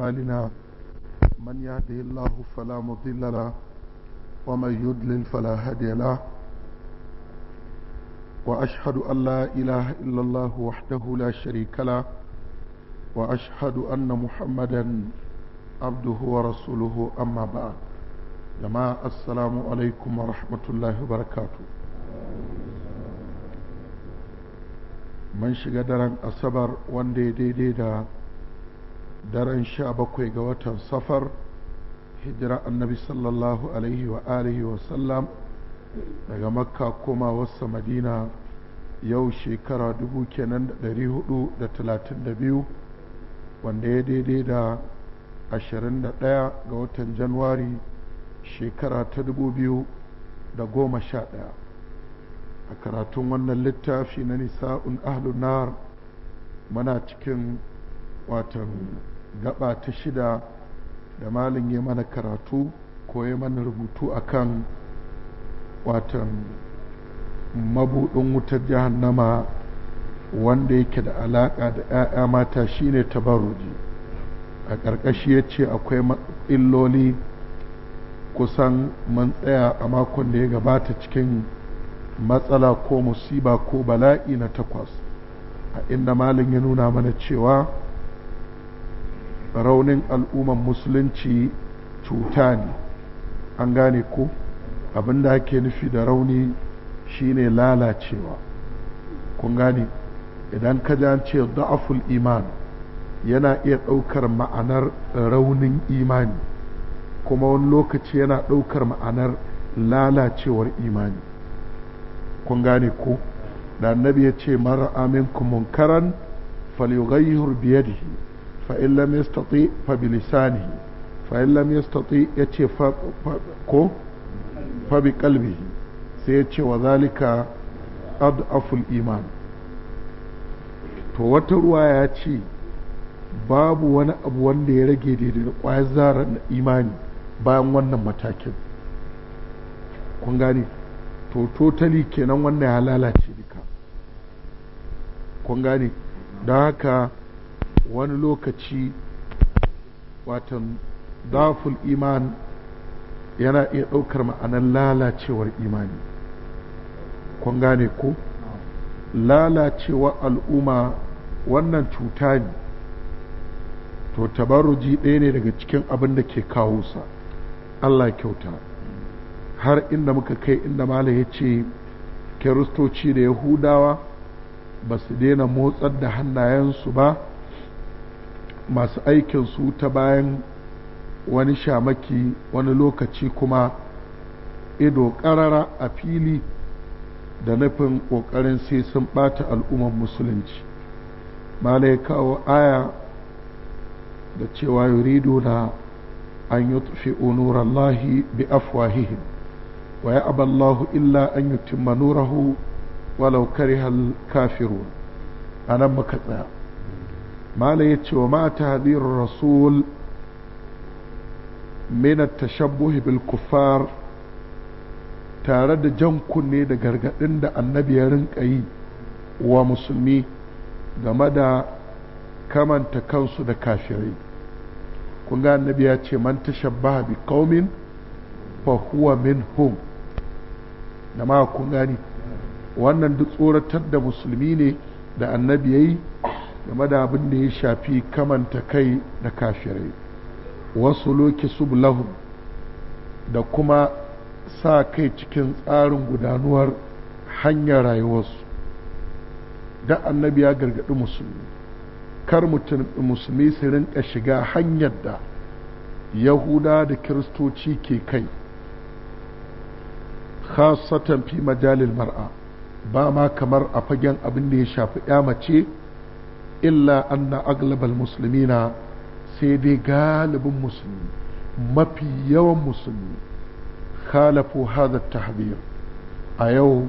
أعمالنا من يهده الله فلا مضل له ومن يضلل فلا هادي له وأشهد أن لا إله إلا الله وحده لا شريك له وأشهد أن محمدا عبده ورسوله أما بعد جماعة السلام عليكم ورحمة الله وبركاته من شغدران أصبر وان دي دي دي دا daren sha bakwai ga watan safar hijira annabi sallallahu alaihi wa alihi wa sallam daga makka koma wasa madina yau shekara dubu kenan da ɗari hudu da talatin da biyu wanda ya daidai da ashirin da ɗaya ga watan januwari shekara ta dubu biyu da goma sha ɗaya a karatun wannan littafi na nisa'un ahlunar muna cikin watan gaba ta shida da malin ya mana karatu ko ya mana rubutu a kan watan mabudin wutar jahannama wanda yake da alaƙa da 'ya'ya mata shine ta tabaruji a ƙarƙashi ya ce akwai illoli kusan mun tsaya a makon da ya gabata cikin matsala ko musiba ko bala'i na takwas a inda malin ya nuna mana cewa raunin al'umman musulunci cuta ne an gane ko abinda ake nufi da rauni shine lalacewa kun gane idan ka ce da'aful iman yana iya ɗaukar ma'anar raunin imani kuma wani lokaci yana ɗaukar ma'anar lalacewar imani kun gane ko da annabi ya ce mara amin munkaran falyughayyir biyar fa'in lam yastati fa bilisanihi fa'in lam yastati ya ce ko fa bi kalbihi sai ya ce wa zalika aful iman to wata ruwa ya ce babu wani abu wanda ya rage daidai da zara zarar imani bayan wannan matakin kun gane to totali kenan wannan ya lalace duka kun gane don haka wani lokaci watan daful iman yana iya ɗaukar ma'anar lalacewar imani kun gane ko lalacewar al'umma wannan cuta ne to tabaruji ɗaya ne daga cikin abin da ke kawo sa allah kyauta har inda muka kai inda malam ya ce kiristoci da yahudawa ba su daina motsar da hannayensu ba masu aikin su ta bayan wani shamaki wani lokaci kuma ido ƙarara a fili da nufin ƙoƙarin sai sun ɓata al'umman musulunci malai kawo aya da cewa yuridu na an yi tufi nurallahi bi afwahihim wa ya aballahu illa an yi nurahu walaukari hal kafiru a nan muka tsaya Malam ya ce wa mata tahdir rasul min at-tashabbuh bil tare da jan kunne da gargadin da annabi ya rinka yi wa musulmi game da kamanta kansu da kafirai kun ga annabi ya ce man tashabbaha bi qaumin fa huwa minhum da ma kun gani wannan duk tsoratar da musulmi ne da annabi yayi game da abin da ya shafi kamanta kai da kafirai wasu loki sublahum da kuma sa kai cikin tsarin gudanuwar hanyar rayuwarsu da annabi ya gargaɗi musulmi kar musulmi su rinka shiga hanyar da yahuda da kiristoci ke kai khasatan fi majalil mar'a ba ma kamar a fagen abin da ya shafi mace illa anna aglabal muslimina sai dai galibin musulmi mafi yawan musulmi khalafu hadha tahbir a yau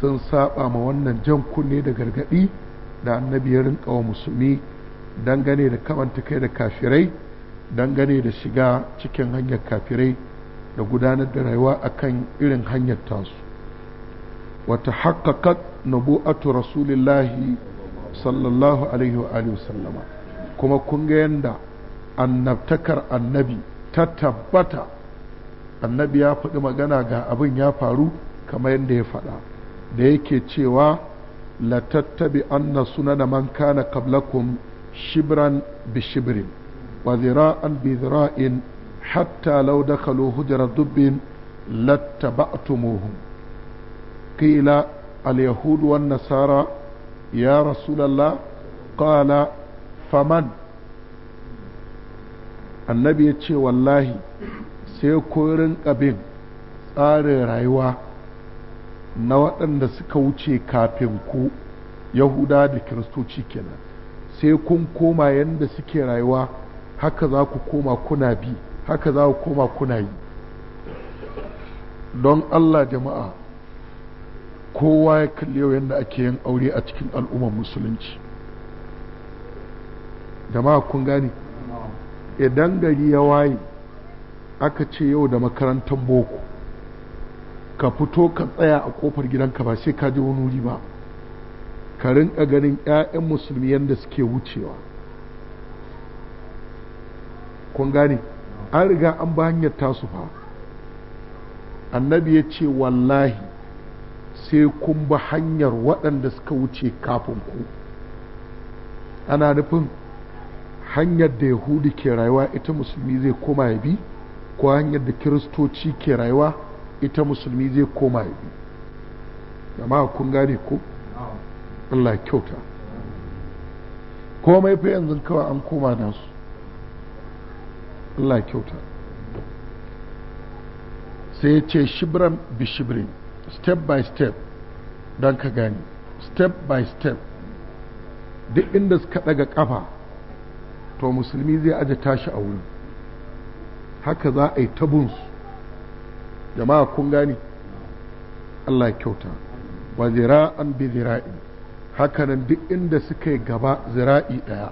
sun saba ma wannan jan kunne da gargadi da annabi ya rinka wa musulmi dangane da kamanta kai da kafirai dangane da shiga cikin hanyar kafirai da gudanar da rayuwa akan irin hanyar tasu wata haƙaƙat nabu'atu rasulillahi sallallahu alaihi wa sallama kuma kun ga yadda annabtakar annabi ta tabbata annabi ya faɗi magana ga abin ya faru kamar yadda ya faɗa da yake cewa latattabi anna sunana man kana qablakum shibran bi shibrin wa zira'an bi zira'in hatta law dakhalu hujra dubbin lattaba'tumuhum qila al-yahud wan nasara يا رسول الله قال فمن annabi ya ce wallahi sai rinƙa bin tsarin rayuwa na waɗanda suka wuce kafin ku yahuda da kiristoci kenan sai kun koma yadda suke rayuwa haka za ku koma kuna bi haka za ku koma kuna yi don allah jama'a kowa ya kalli yau yadda ake yin aure a cikin al'ummar musulunci da ma kun gane idan gari ya waye aka ce yau da makarantar boko ka fito ka tsaya a kofar gidanka ba sai ka ji wani wuri ba ka rinka ganin 'ya'yan musulmi yadda suke wucewa kun gane an riga an ba hanyar tasu fa annabi ya ce wallahi sai kun bi hanyar waɗanda suka wuce kafin ku ana nufin hanyar da yahudi ke rayuwa ita musulmi zai koma ya bi ko hanyar da kiristoci ke rayuwa ita musulmi zai koma ya bi jama'a kun gane ko Allah kyauta komai fa yanzu kawai an koma nasu Allah kyauta sai ya ce shibran bi shibrin step by step don ka gani step by step duk inda suka daga kafa to musulmi zai aje tashi a wuri haka za a yi tabunsu jama'a kun gani Allah kyauta wa zira'an bi zira'in hakanan duk inda suka yi gaba zira'i ɗaya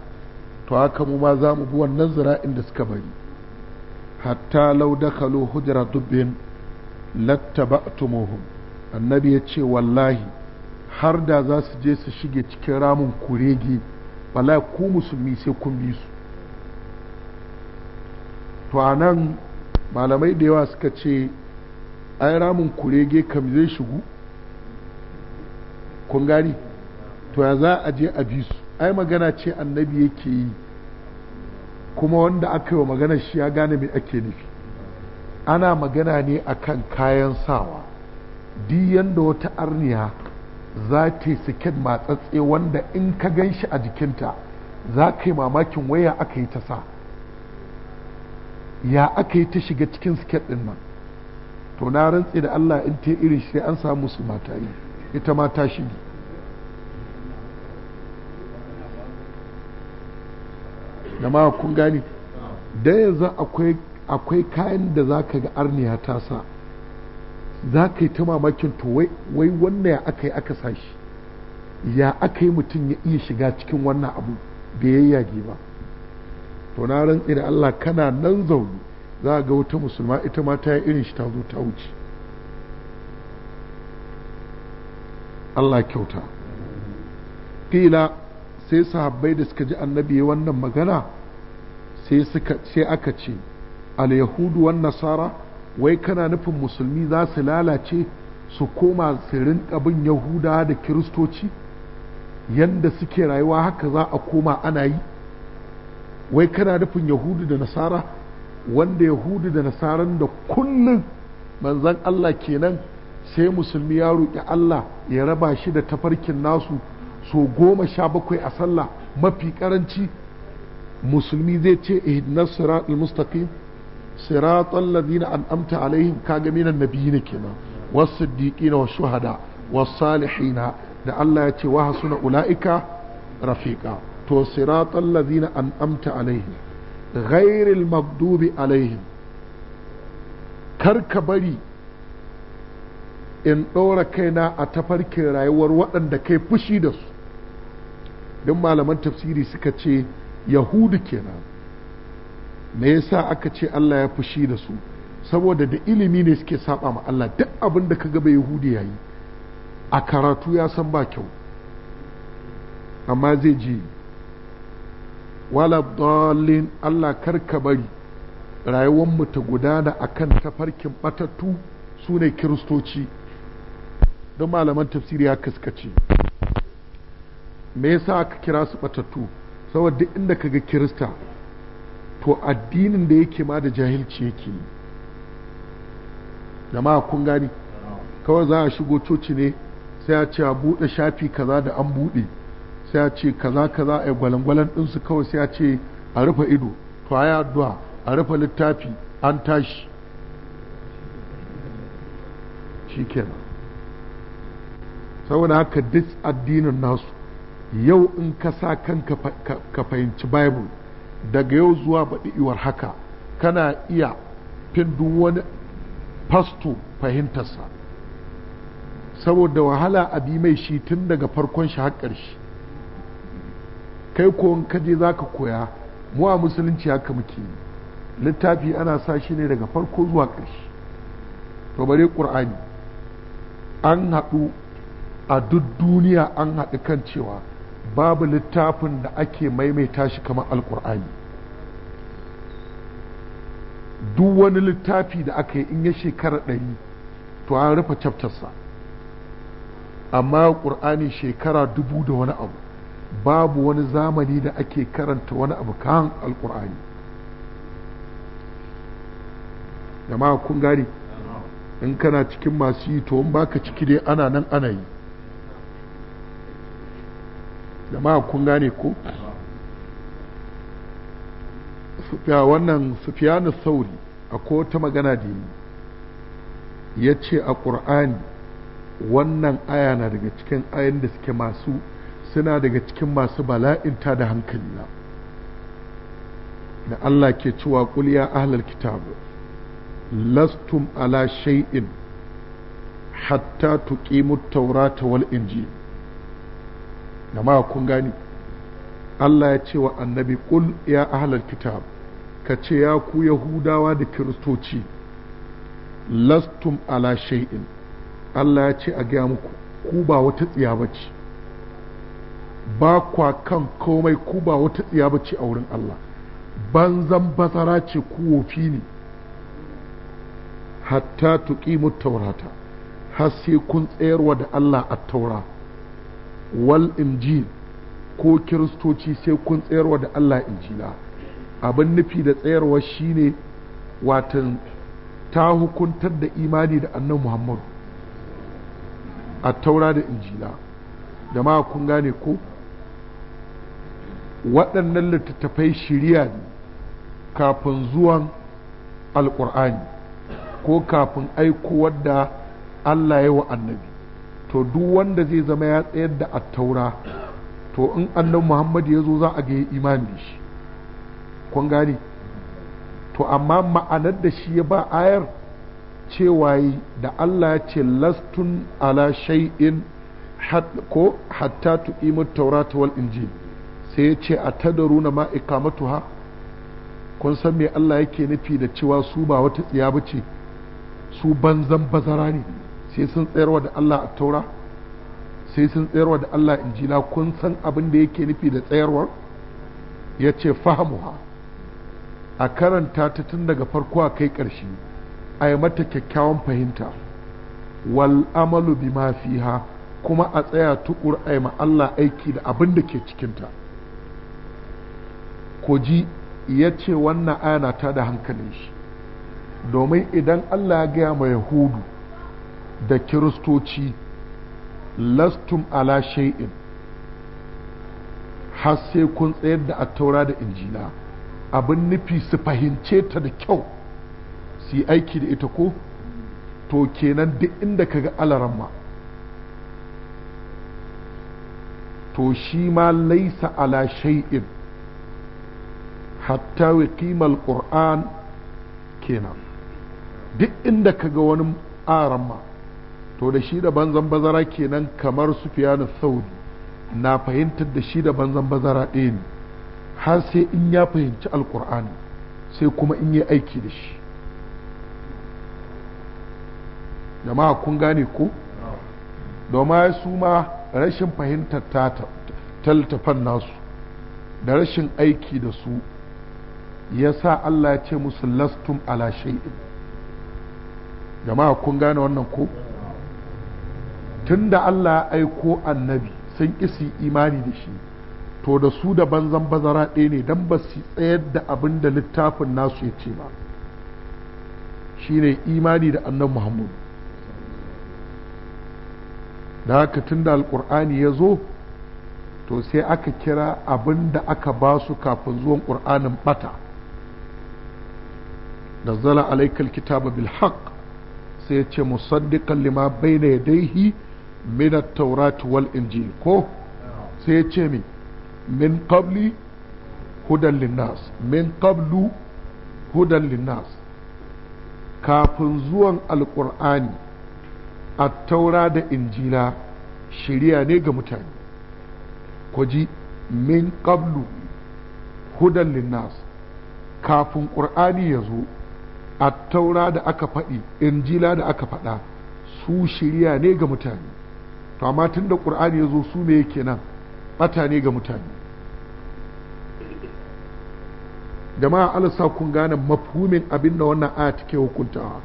to haka mu ma za mu bi wannan zira'in da suka bari hatta lau kalo hujra dubbin lattaba'tumuhum annabi ya ce wallahi har da za su je su shige cikin ramin kurege bala ku musulmi sai kun bi su to a nan malamai da yawa suka ce ai ramin kurege kam zai shigu kun gani to ya za a je a bi su ai magana ce annabi yake yi kuma wanda aka yi wa magana shi ya gane mai ake nufi ana magana ne akan kayan sawa di yanda wata arniya za ta yi siket matsatse wanda in ka gan shi a jikinta za ka yi mamakin waya aka yi ta sa ya aka yi ta shiga cikin siket ɗin nan to na rantse da Allah in ta irin shi an samu su mata yi ita ma shi ne. da ma kun gani da yanzu akwai kayan da za ka ga arniya ta sa za ka yi ta mamakin to wai wannan ya aka yi aka sashi ya aka yi mutum ya iya shiga cikin wannan abu da ya yage ba to na rantsi da Allah kana nan zaune za ga wata musulma ita ma ta yi irin shi ta zo ta wuce Allah kyauta Fila sai sahabbai da suka ji annabi wannan magana sai aka ce al-yahudu wan nasara wai kana nufin musulmi za su lalace su koma su abin yahuda da kiristoci Yadda suke rayuwa haka za a koma ana yi wai kana nufin yahudu da nasara wanda yahudu da nasaran da kullum manzan allah kenan sai musulmi ya roƙi allah ya raba shi da tafarkin nasu so goma sha bakwai a sallah mafi ƙaranci musulmi zai ce ihdinas siratul mustaqim siratal ladina an'amta alaihim kaga minan nabiyina kenan was-siddiqina wash-shuhada was-salihina da Allah ya ce wa hasuna ulaika rafiqa to siratal ladina an'amta alaihim ghairil maghdubi alaihim karka bari in ɗora kaina a tafarkin rayuwar waɗanda kai fushi da su don malaman tafsiri suka ce yahudu kenan me yasa aka ce Allah ya fushi da su saboda da ilimi ne suke saba ma Allah duk abin da ka gaba Yahudi yayi a karatu ya san ba kyau amma zai ji wala dalin Allah karka bari rayuwar mu ta gudana akan tafarkin batattu sune kiristoci don malaman tafsiri ya kaskace me yasa aka kira su batattu saboda inda kaga kirista to addinin da yake ma da jahilci yake yi jama'a kun gani kawai za a shigo coci ne sai a ce a buɗe shafi kaza da an buɗe sai a ce kaza kaza a gwalangwalan ɗinsu kawai sai a ce a rufe ido to a addu'a a rufe littafi an tashi shi kenan saboda haka duk addinin nasu yau in ka sa kanka ka fahimci bible daga yau zuwa baɗi uwar haka kana iya fin duk wani fasto fahimtarsa saboda wahala a bi mai shi tun daga farkon shi har shi kai ko in kaje za ka koya mu a musulunci haka muke littafi ana sa shi ne daga farko zuwa ƙarshe to bare ƙur'ani an haɗu a duk duniya an haɗu kan cewa babu littafin da ake maimaita shi kamar alkur'ani duk wani littafi da aka yi in ya shekara ɗari to an rufe chaptarsa amma ƙur'ani shekara dubu da wani abu babu wani zamani da ake karanta wani abu kan alkur'ani jama'a kun gane in kana cikin masu yi to in baka ciki dai ana nan ana yi jama'a kun gane ko ya wannan sufiyanu sauri a ta magana da yi ya ce a ƙur'ani wannan aya na daga cikin ayan da suke masu suna daga cikin masu bala'inta da hankali na da Allah ke cewa ƙul a ahlal kitabu. lastum ala shay'in hatta tuƙi taurata wal injil jama'a kun gani Allah ya ce wa annabi kul ya ahlal kitab ka ce ya ku yahudawa da kiristoci lastum ala shay'in Allah ya ce a gaya muku ku ba wata tsiya bace ba kwa kan komai ku ba wata tsiya bace a wurin Allah banzan bazara ce ku wofi ne hatta tuqimu taurata har sai kun tsayarwa da Allah a taura wal injil ko kiristoci sai kun tsayarwa da Allah injila abin nufi da tsayarwa shine watan ta hukuntar da imani da annan muhammadu a taura da injila da ma kun gane ko waɗannan littattafai shirya ne kafin zuwan alƙur'ani ko kafin aiko wadda Allah ya wa annabi to duk wanda zai zama ya tsayar da attaura to in annan muhammadu ya zo za a ga ya imani da shi kun gane to amma ma'anar da shi ya ba ayar cewa da Allah ya ce lastun ala shay'in ko hatta taura taurata wal injil sai ya ce a tadaruna ma ha? kun san me Allah yake nufi da cewa su ba wata tsiya bace su banzan bazara ne sai sun tsayarwa da Allah a taura sai sun tsayarwa da Allah injila kun san abin da yake nufi da tsayarwar ya ce fahamuha a karanta ta tun daga farko a kai ƙarshe a yi mata kyakkyawan fahimta wal amalu bima fiha kuma a tsaya tukur a yi Allah aiki da abin da ke cikinta ko ji ya ce wannan aya na ta da hankalin shi domin idan Allah ya gaya mai yahudu da kiristoci lastum ala shay'in har sai kun tsayar da attaura da injila abin nufi su fahimce ta da kyau su yi aiki da ita ko to kenan duk inda ka ga alaramma to shi ma laisa ala shay'in hatta qimal qur'an kenan duk inda ka ga wani aramma to da shi da banzan bazara kenan kamar su sufiyanu saudi na fahimtar da shi da banzan bazara ɗaya ne har sai in ya fahimci alkur'ani sai kuma in yi aiki da shi jama'a kun gane ko domin su ma rashin fahimtar taltafan nasu da rashin aiki da su ya sa Allah ya ce musu lastum ala shay'in jama'a kun gane wannan ko Tun da Allah ya aiko annabi sun isi imani da shi to da su da banzan bazara ɗaya ne don ba su tsayar da abin da littafin nasu ya ce ba shine imani da annan muhammadu da haka tun da alƙur'ani ya zo to sai aka kira abin da aka ba su kafin zuwan ƙur'anin ɓata. da zala alaikal kitaba bil sai ya ce musaddiqan lima bayna yadayhi min at-taurat wal injil ko sai ya ce mi min min qablu hudan linnas kafin zuwan Alƙur'ani, at-taura da injila shiriya ne ga mutane ku ji min ƙablu hudan linnas kafin ƙur'ani ya zo at-taura da aka faɗi injila da aka faɗa su shiriya ne ga mutane to amma tun da ƙur'ani ya zo su ne yake nan ɓata ne ga mutane jama'a alasa kun gane mafhumin abin da wannan aya take hukuntawa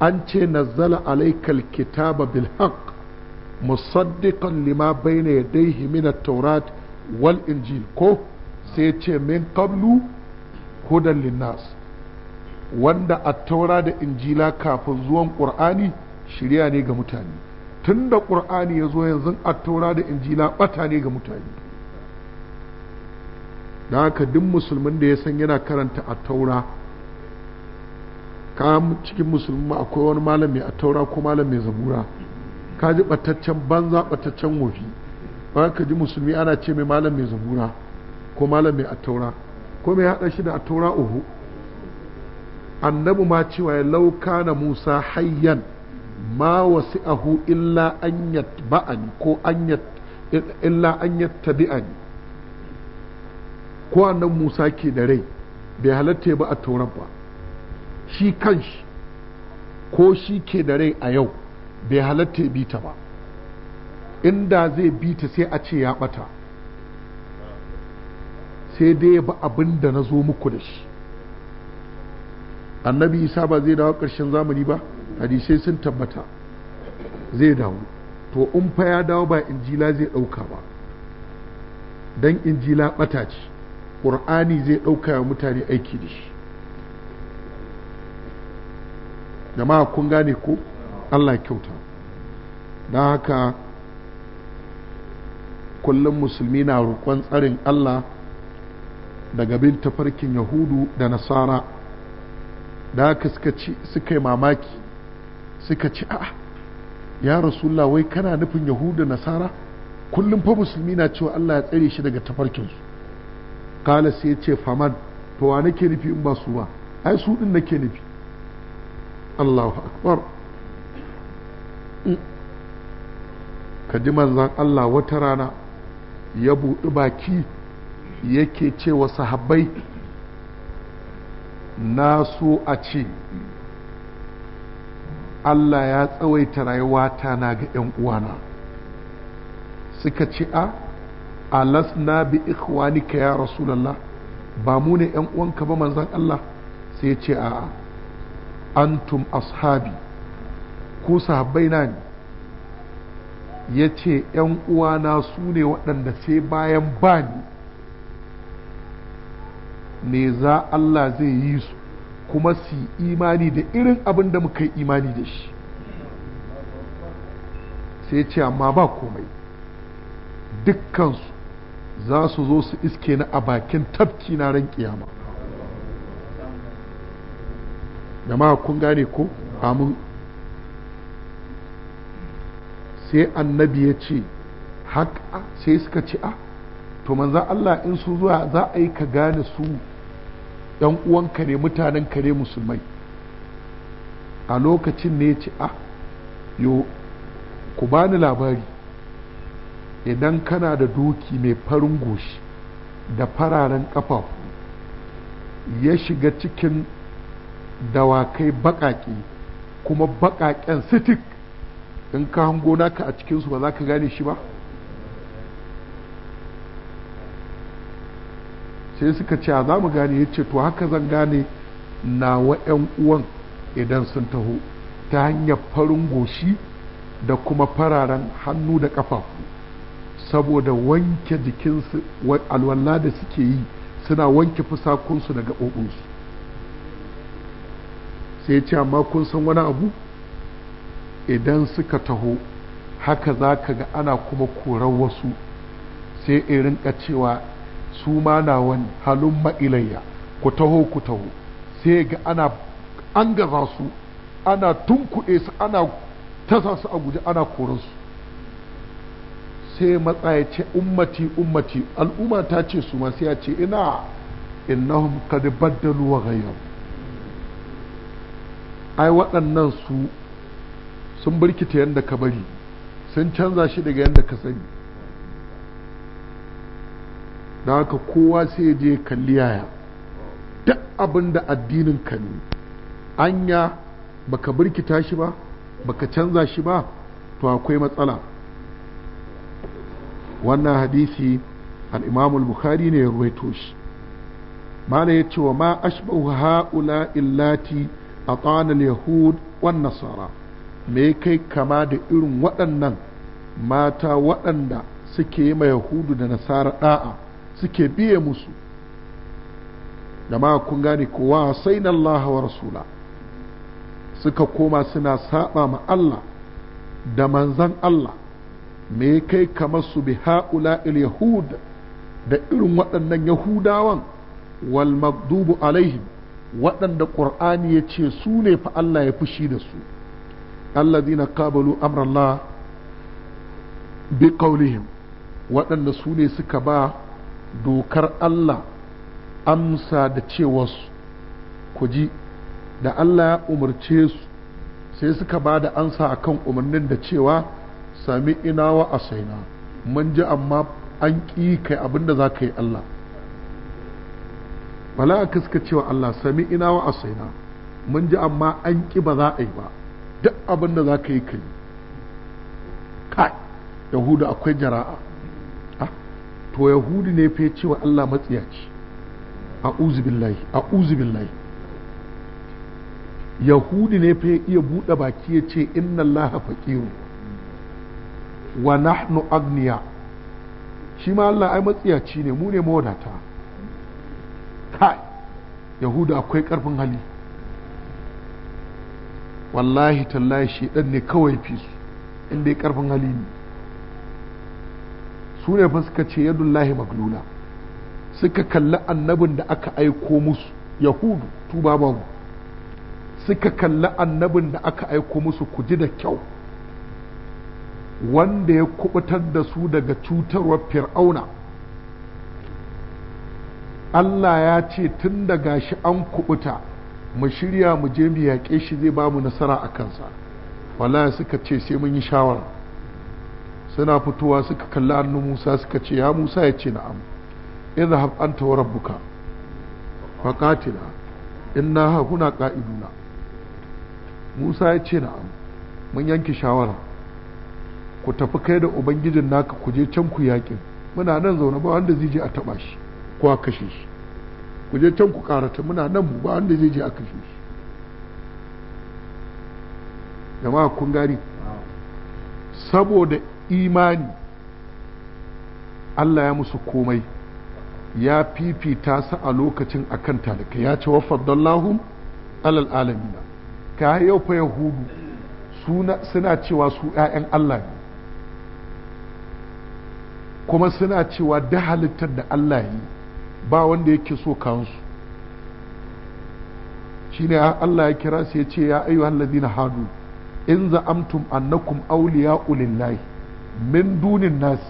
an ce nazzala alaikal kitaba bil haqq musaddiqan lima bayna yadayhi min at-taurat wal injil ko sai ce min qablu hudan linnas wanda at-taura da injila kafin zuwan qur'ani shirya ne ga mutane tun da ƙur'ani ya zo yanzu a taura da injila ɓata ne ga mutane da haka duk musulmin da ya san yana karanta a taura ka cikin musulmi akwai wani malam mai a taura ko malam mai zabura ka ji ɓataccen banza ɓataccen wofi ba ka ji musulmi ana ce mai malam mai zabura ko malam mai a taura ko mai haɗa shi da a taura uhu annabi ma cewa ya lauka na musa hayyan ma wasi'ahu illa an yatba'ani ko an illa an yattabi'ani ko annan Musa ke da rai bai halatta ba a tauran ba shi kanshi ko shi ke da rai a yau bai halatta bi ta ba inda zai bi ta sai a ce ya bata sai dai ba abin da na zo muku da shi annabi isa ba zai dawo ƙarshen zamani ba hadisai sun tabbata zai dawo to in fa ya dawo ba injila zai ɗauka ba dan injila ɓata ce ƙur'ani zai ɗauka wa mutane aiki da shi jama'a kun gane ko allah kyauta don haka kullum musulmi na roƙon tsarin allah daga bin tafarkin yahudu da nasara da haka suka yi mamaki suka ci a'a ya rasulullah wai kana nufin yahuda nasara kullum fa musulmi na cewa Allah ya tsare shi daga tafarkinsu kala sai ya ce faman to wa nake nufi in ba su ba ai su din nake nufi Allahu akbar ka ji manzan Allah wata rana ya buɗi baki yake cewa sahabbai na so a ce Allah ya tsawaita rayuwata na ga 'yan uwana suka ce a na bi ikhwanika ya rasulallah ba mu ne 'yan uwanka ba manzan Allah sai ce a antum ashabi ku sahabbai na ne ya ce ‘yan uwana su ne waɗanda sai bayan bani ne za Allah zai yi su kuma su imani da irin abin da muka yi imani da shi sai ce amma ba komai dukkansu za su zo su iske na a bakin tafki na ran kiyama jama'a kun gane ko amin sai annabi ya ce haka sai suka ce a ah, to manzan Allah in su zuwa za a yi ka gane su yan uwanka ne mutanen kare musulmai a lokacin ne ce a ah, ku bani labari idan kana da doki mai farin goshi da fararen ƙafafu ya shiga cikin dawakai baƙaƙe kuma baƙaƙen sitik in ka hango naka a cikinsu ba za ka gane shi ba sai suka ce a za mu gane ya ce to haka zan gane na wa 'yan uwan idan sun taho ta hanyar farin goshi da kuma fararen hannu da ƙafafu saboda wanke jikinsu alwala da suke yi suna wanke fusakunsu daga gaɓoɓinsu sai ce amma kun san wani abu idan suka taho haka za ka ga ana kuma korar wasu sai irin cewa su ma na wani halin ma'ilayya ku taho ku taho sai ga ana an gaza su ana tunkuɗe su ana tasa su a guje ana koransu sai matsaya ce ummati ummati al'umma ta ce su ma sai ya ce ina innahum kad baddalu wa ghayyaru ai waɗannan su sun birkita yadda ka bari sun canza shi daga yadda ka sani da haka kowa sai je kalli yaya duk abin da addinin ka ne anya baka birkita shi ba baka canza shi ba to akwai matsala wannan hadisi al al'imamul bukhari ne ya ruwaito shi mala ya ce wa ma ashbahu ha'ula illati a al yahud wan nasara me kai kama da irin waɗannan mata waɗanda suke yi ma yahudu da nasara ɗa'a suke biye musu da kun gane kowa sai na Allah wa rasula suka koma suna saba ma Allah da manzan Allah me kai kamar su bi ha'ula il yahud da irin waɗannan yahudawan wal magdubu alaihim waɗanda ƙur'ani ya ce su ne fa Allah ya fushi da su allazina qabalu amrallah bi qawlihim waɗanda su ne suka ba dokar Allah amsa da cewarsu ku ji da Allah ya umarce su sai suka ba da ansa a kan umarnin da cewa sami inawa a Saina mun ji amma an ƙi kai abin da za ka yi Allah mala'ika suka cewa Allah sami inawa a Saina mun ji amma an ƙi ba za a yi ba duk abin da za ka yi kai kai yahuda akwai jara'a to yahudu ne fa wa Allah matsiyaci a uzubillahi a uzubillahi yahudu ne fa iya buɗa baki ya ce inna Allah faqiru wa nahnu agniya shi ma Allah ai matsiyaci ne mu ne mawadata kai yahudu akwai karfin hali wallahi tallahi shi ne kawai fi su inda ya karfin hali ne su ne fa suka ce yadullahi maglula suka kalli annabin da aka aiko musu yahudu tuba babu suka kalli annabin da aka aiko musu ku ji da kyau wanda ya kubutar da su daga cutarwar fir'auna Allah ya ce tun da gashi an kubuta mu shirya mu je mu yaƙe shi zai ba mu nasara a kansa wallahi suka ce sai mun yi shawara suna fitowa suka kalli hannun musa suka ce ya musa ya ce na'am izhab anta wa rabbuka fa qatila inna na qa'iduna musa ya ce na'am mun yanke shawara ku tafi kai da ubangijin naka ku je can ku yakin muna nan zaune ba wanda zai je a taba shi ko a kashe shi ku je can ku karata muna nan mu ba wanda zai je a kashe shi jama'a kun gani saboda imani Allah ya musu komai ya fifita su a lokacin akan talika ya ce wafaddallahu alal alamina ka yau fa yahudu suna cewa su 'ya'yan Allah ne kuma suna cewa da halittar da Allah yi ba wanda yake so kansu ne Allah ya kira su ya ce ya ayyuhal ladina hadu in za'amtum annakum auliya ulillahi. min dunin nas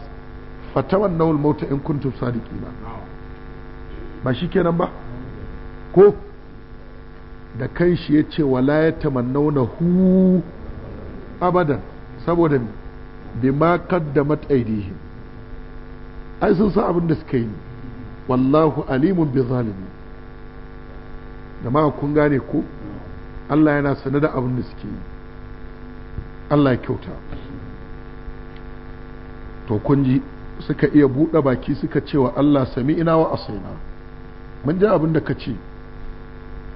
fatawan nawul mauta in kuntum sadiqina ba shi kenan ba ko da kan shi ya ce wala ya tamannauna hu abadan saboda bima qaddamat aidihim ai sun sa abin da suka yi wallahu alimun bi zalimi da ma kun gane ko Allah yana sanar da abin da suke yi Allah ya kyauta to kun ji suka iya buɗe baki suka ce wa Allah sami ina wa asaina mun ji abin da ka ce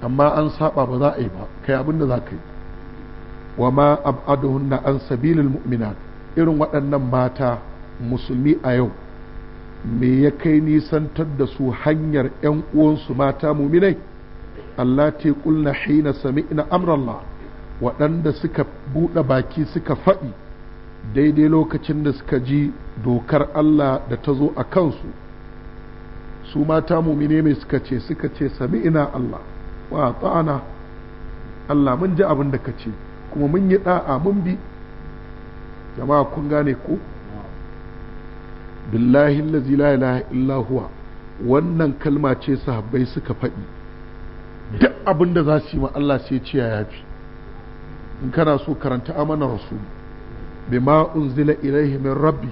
amma an saba ba za a yi ba kai abin da za ka yi wa ma ab'aduhunna an sabilil mu'minat irin waɗannan mata musulmi a yau me ya kai nisantar da su hanyar 'yan uwansu mata muminai Allah te kulna hina sami'na amrallah waɗanda suka buɗe baki suka faɗi daidai lokacin da suka ji dokar Allah da ta zo a kansu su mata mumine mai suka ce suka ce sami ina Allah wa ta'ana Allah mun ji abin da ka ce kuma mun yi da'a mun bi jama'a kun gane ko billahi allazi la ilaha illa wannan kalma ce sahabbai suka faɗi duk abin da za su yi ma Allah sai ce ya fi in kana so karanta amana rasulu bima unzila ilaihi min rabbi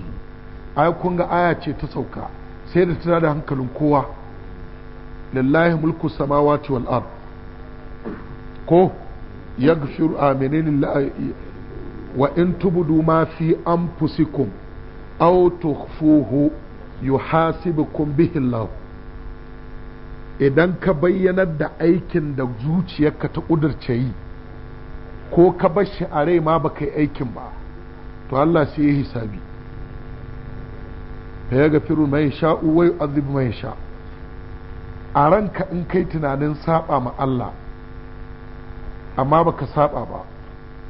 ai kun ga aya ce ta sauka sai da tana da hankalin kowa lillahi mulku samawati wal ard ko yaghfiru aminin wa in tubudu ma fi anfusikum aw tukhfuhu yuhasibukum bihi Allah idan ka bayyanar da aikin da zuciyarka ta kudurce yi ko ka bar shi a rai ma baka yi aikin ba to Allah sai ya hisabi fa ga firu mai sha'u wai azib mai sha a ranka in kai tunanin saba ma Allah amma baka saba ba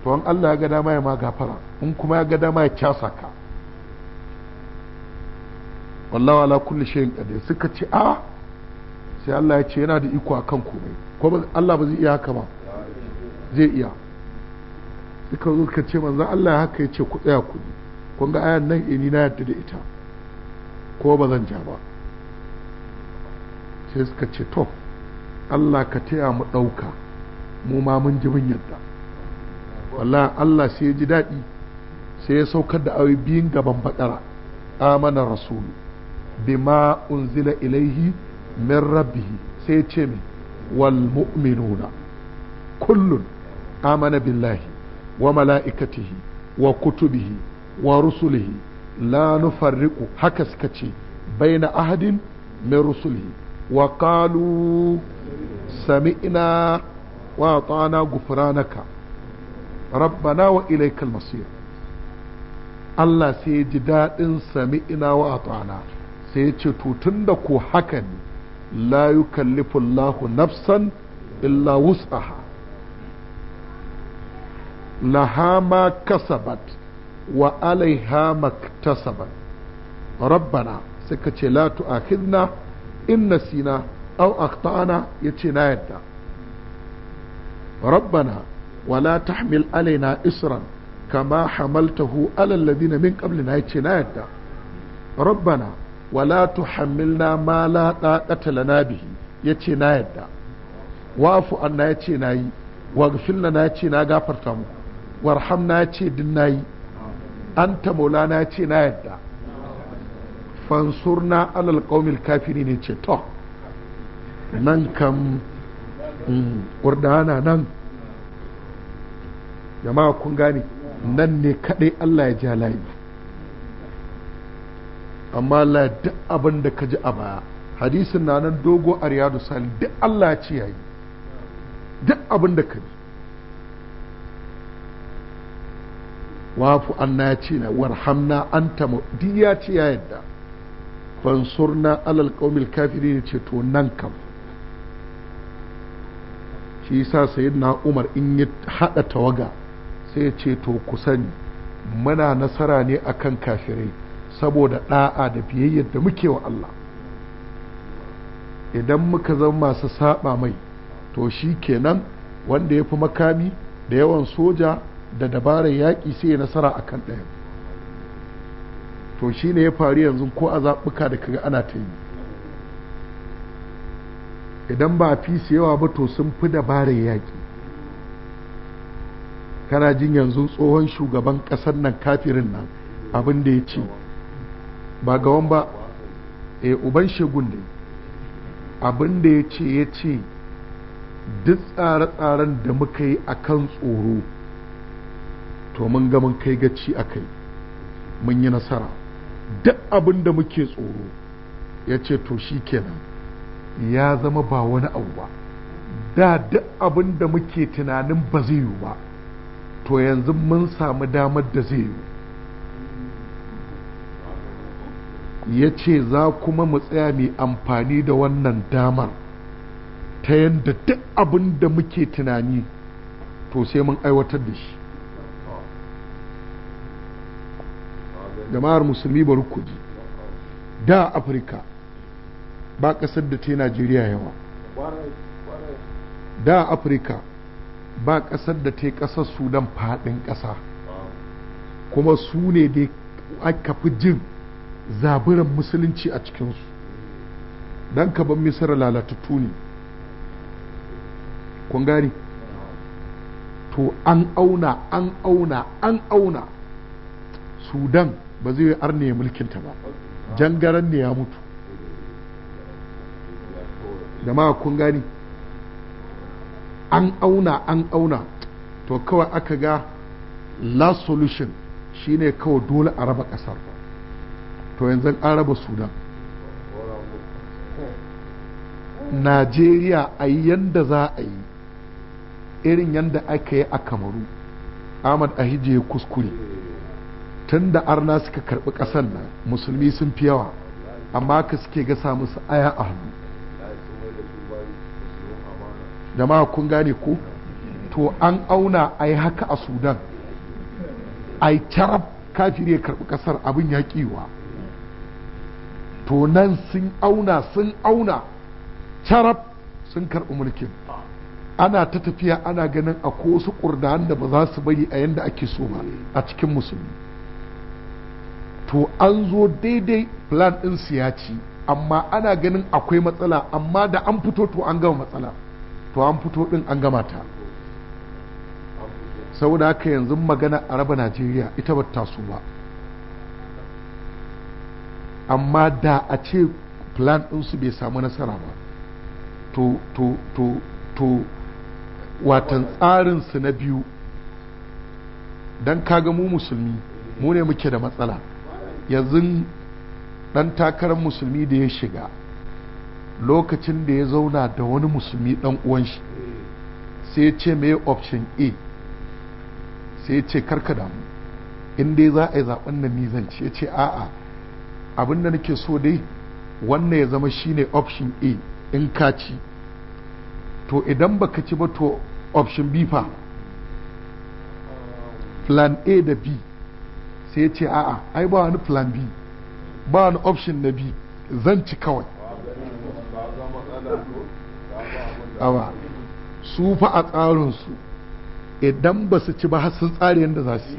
to an Allah ya ga dama ya ma gafara in kuma ya ga dama ya casa ka wallahu ala kulli shay'in qadir suka ce a sai Allah ya ce yana da iko akan komai ko Allah ba zai iya haka ba zai iya suka zo suka ce manzan Allah haka ya ce ku tsaya ku kun ga ayan nan ini eh, na yadda da ita ko ba zan ja ba sai suka ce to Allah ka taya mu ɗauka mu ma mun ji mun yadda wallahi Allah sai ya ji daɗi sai ya saukar da awi biyun gaban bakara amana rasulu bima unzila ilaihi min rabbihi sai ya ce min wal mu'minuna kullun amana billahi wa mala'ikatihi wa kutubihi wa rusulihi la nufarriqu haka suka ce baina ahadin min rusulihi wa qalu sami'na wa atana gufranaka rabbana wa ilaikal masir Allah sai ji daɗin sami'na wa atana sai ya ce to tunda ko haka ne la yukallifu Allahu nafsan illa wus'aha laha ma kasabat wa alaiha maktasabat rabbana sai ka ce la tu'akhidna in nasina aw akhtana yace na yadda rabbana wala tahmil alaina isran kama hamaltahu ala alladhina min qablina yace na yadda rabbana wala tuhammilna ma la taqata lana bihi yace na yadda wa'fu anna yace nayi waghfir lana yace na gafarta muku Warham na ce din na nayi anta na ce na yadda na alal qaumil kafiri ne ce to nan kam ƙurdana mm, nan jama'a kun gane nan ne kaɗai Allah ya ja layi amma la duk abin da ka ji a baya hadisin na nan dogo a riyadu sali duk Allah ya ce yayi duk abin da ka ji wafu anna ya ce na warhamna an anta duk ya ce ya yadda na alal kafiri ne ce to nan kam shi sayi na Umar in yi hada tawaga sai ya ce to ku sani muna nasara ne a kan kafirai saboda ɗa'a da biyayyar da muke wa Allah idan muka zama masu saba mai to shi kenan wanda ya fi makami da yawan soja da dabarar yaƙi sai nasara a kan ɗaya to shi ne ya faru yanzu ko a zaɓuka da kaga ana ta yi idan ba fi su yawa ba to sun fi dabarar yaƙi kana jin yanzu tsohon shugaban ƙasar nan kafirin nan abin ya ce ba gawan ba e uban shegun ne abin da ya ce ya ce duk tsare-tsaren da muka yi a kan tsoro to mun ga mun kai gaci a kai mun yi nasara duk abin da muke tsoro ya ce to shi kenan ya zama ba wani abu ba da duk abin da muke tunanin ba zai yiwu ba to yanzu mun samu damar da zai yiwu ya ce za kuma mu tsaya mai amfani da wannan damar ta yadda duk abin da muke tunani to sai mun aiwatar da shi jama'ar musulmi bari ku ji da afirka ba ƙasar da ta yi najeriya yawa da afirka ba ƙasar da ta yi ƙasar sudan faɗin ƙasa kuma su ne da aka fi jin zaburan musulunci a cikinsu don ka ban misira lalatattu ne kun to an auna an auna an auna sudan ba zai arne ya ta ba jangaren ne ya mutu ma kun gani an auna an auna to kawai aka ga last solution shine kawai dole a raba kasar to yanzu an raba sudan najeriya a yi yadda za a yi irin yadda aka yi a kamaru ahmad ahije ya kuskure tun da arna suka karɓi kasar nan musulmi sun fi yawa amma ka suke gasa musu aya a hannu jama'a kun gane ko to an auna a yi haka a sudan a yi carab kafiri ya karɓi ƙasar abin ya kiwa to nan sun auna sun auna carab sun karɓi mulkin ana ta tafiya ana ganin a ko wasu da ba za su bari a yanda ake so ba a cikin musulmi to an zo daidai plan ɗin su ya ci amma ana ganin akwai matsala amma da an fito to an gama matsala to an fito ɗin an gama ta saboda haka yanzu magana a raba najeriya ita ba taso ba amma da a ce plan ɗinsu bai samu nasara ba to to to to watan tsarinsu na biyu don kaga mu musulmi mu ne muke da matsala yanzu ɗan takarar musulmi da ya shiga lokacin da ya zauna da wani musulmi ɗan uwan shi sai ya ce mai option a sai ya ce karka damu in dai za a yi zaɓen nan nizanci ya ce a'a abin da nake so dai wannan ya zama shine option a in ka ci to idan baka ci ba to option b fa plan a da b sai ya ce a'a ai ba wani plan b ba wani option na b zan ci kawai awa su fa a tsarinsu idan ba su ci ba har sun tsari yadda za su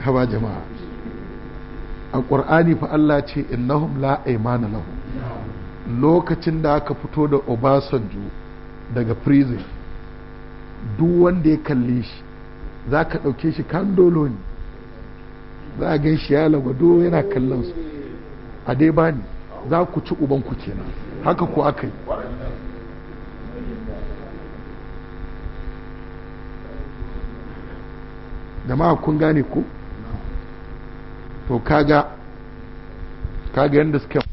haba jama'a a ƙur'ani fa Allah ce innahum la aimana lahu lokacin da aka fito da Obasanjo daga prison duk wanda ya kalle shi za ka ɗauke shi kandolo ne za a gan shi ya lagwado yana kallon su a dai ba ni za ku ci ubanku kenan haka ku aka yi jama'a kun gane ku to kaga kaga yadda suke